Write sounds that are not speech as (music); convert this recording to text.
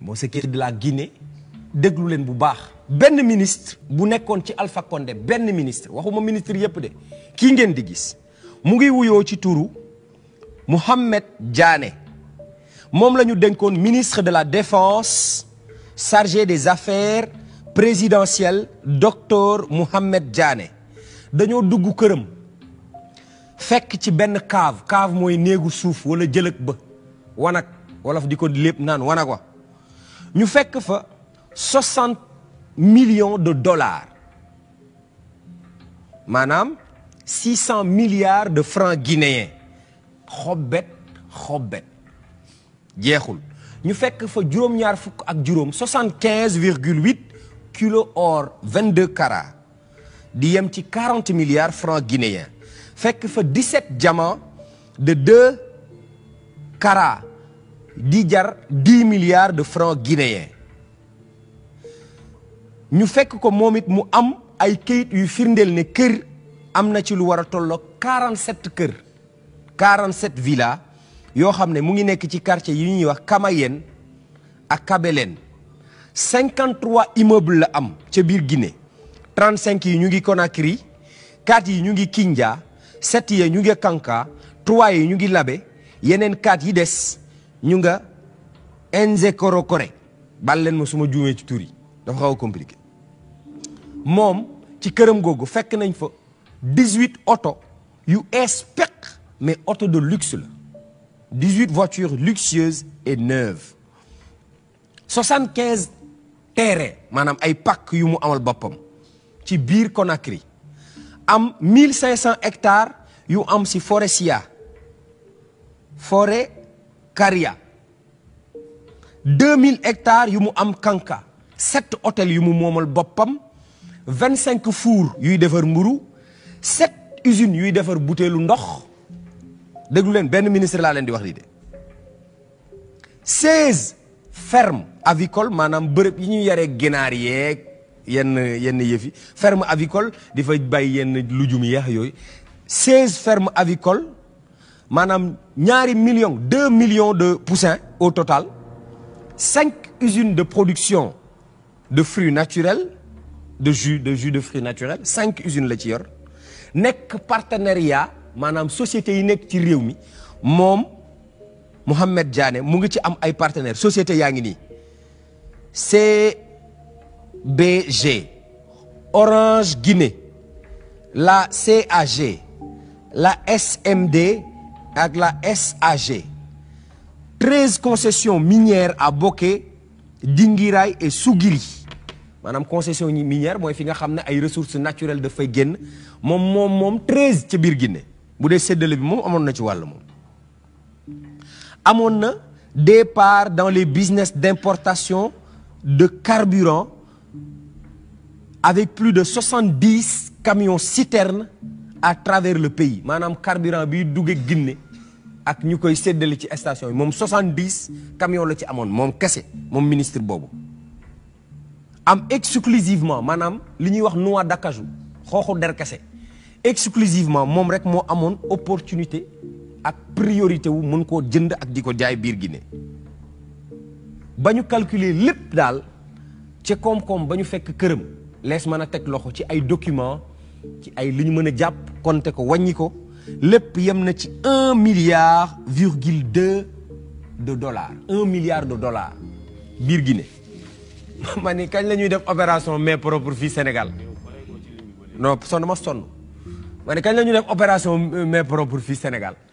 moo Motsekiri de la Guinée déglu leen bu baax benn ministre bu nekkoon ci Alpha Condé benn ministre waxuma ministre yépp de kii ngeen di gis mu ngi wuyoo ci turu Mohamed jaane moom la ñu dénkoon ministre de la défense chargé des affaires présidentielles docteur Mohamed jaane dañoo dugg këram fekk ci benn cave cave mooy néegu suuf wala jëlëg ba wanak wolof di ko lépp naan wanag wa Nous faisons 60 millions de dollars. Madame, 600 milliards de francs guinéens. Robet, robet. Nous faisons 75,8 kg or 22 carats. 40 milliards de francs guinéens. Nous faisons 17 diamants de 2 carats. 10 milliards de francs guinéens. Nous faisons que nous avons un pays qui est un pays qui est un fait 47 cœurs, 47 villas. Nous avons un pays qui est Kamayen et Kabelen. 53 immeubles am ci bir guinée 35 yi ñu conakry 4 yi ñu ngi 7 yi ñu kanka 3 yi ñu ngi labé yenen 4 yi dess nous avons un coro coré. Je ne sais pas si je suis un compliqué. Mom, temps. Nous suis un 18 autos, You expect mais auto de luxe. 18 voitures luxueuses et neuves. 75 terres, madame, ay pack yu mu amal bopam ci bir Conakry. Am 1500 hectares you am ci forestia. Forêt Karia. 2000 hectares yumu am kanka. 7 hôtels yumu momal bopam. 25 fours yuy defar mburu. 7 usines yuy defar bouteille ndox. Deglu len ben ministre la len di wax li 16 fermes avicoles manam beurep yi ñu yare ginar yek yenn yenn yefi ferme avicole difa bay yenn lujum yeex yoy 16 fermes avicoles manam ñaari millions 2 millions de poussins au total 5 usines de production de fruits naturels de jus de jus de fruits naturels 5 usines la ci yor maman partenariat société sociétés yi nek ci réew mi société Yangini, ngi BG, CBG Orange Guinée la CAG la SMD avec la SAG. 13 concessions minières à Bokeh, Dingirai et Sougiri. Madame concession minière mooy fi nga xam des ressources naturelles de génn moom moom moom 13 ci Birguine Guinée bu dee séddale bi départ dans les business d'importation de carburant avec plus de 70 camions citernes à travers le pays Madame carburant bi dougué Guinée ak ñukoy koy ci station mom 70 camions la ci amone mom kese mom ministre bobu am exclusivement manam li ñuy wax noix d'acajou xooxu der kese exclusivement mom rek mo amone opportunité ak priorité wu mën ko jënd ak diko jaay biir Guinée bañu calculer lepp dal ci koom-koom ba fekk kërëm les mën tek loxo ci ay documents ci ay luñu mëna japp konté ko wañi ko lepp na ci 1 milliard virgule 2 de dollars 1 milliard de dollars bir Guinée. (laughs) mané kañ lañuy def opération mais propre fi sénégal non sonuma sonu mané kañ lañuy def opération mais propre fi sénégal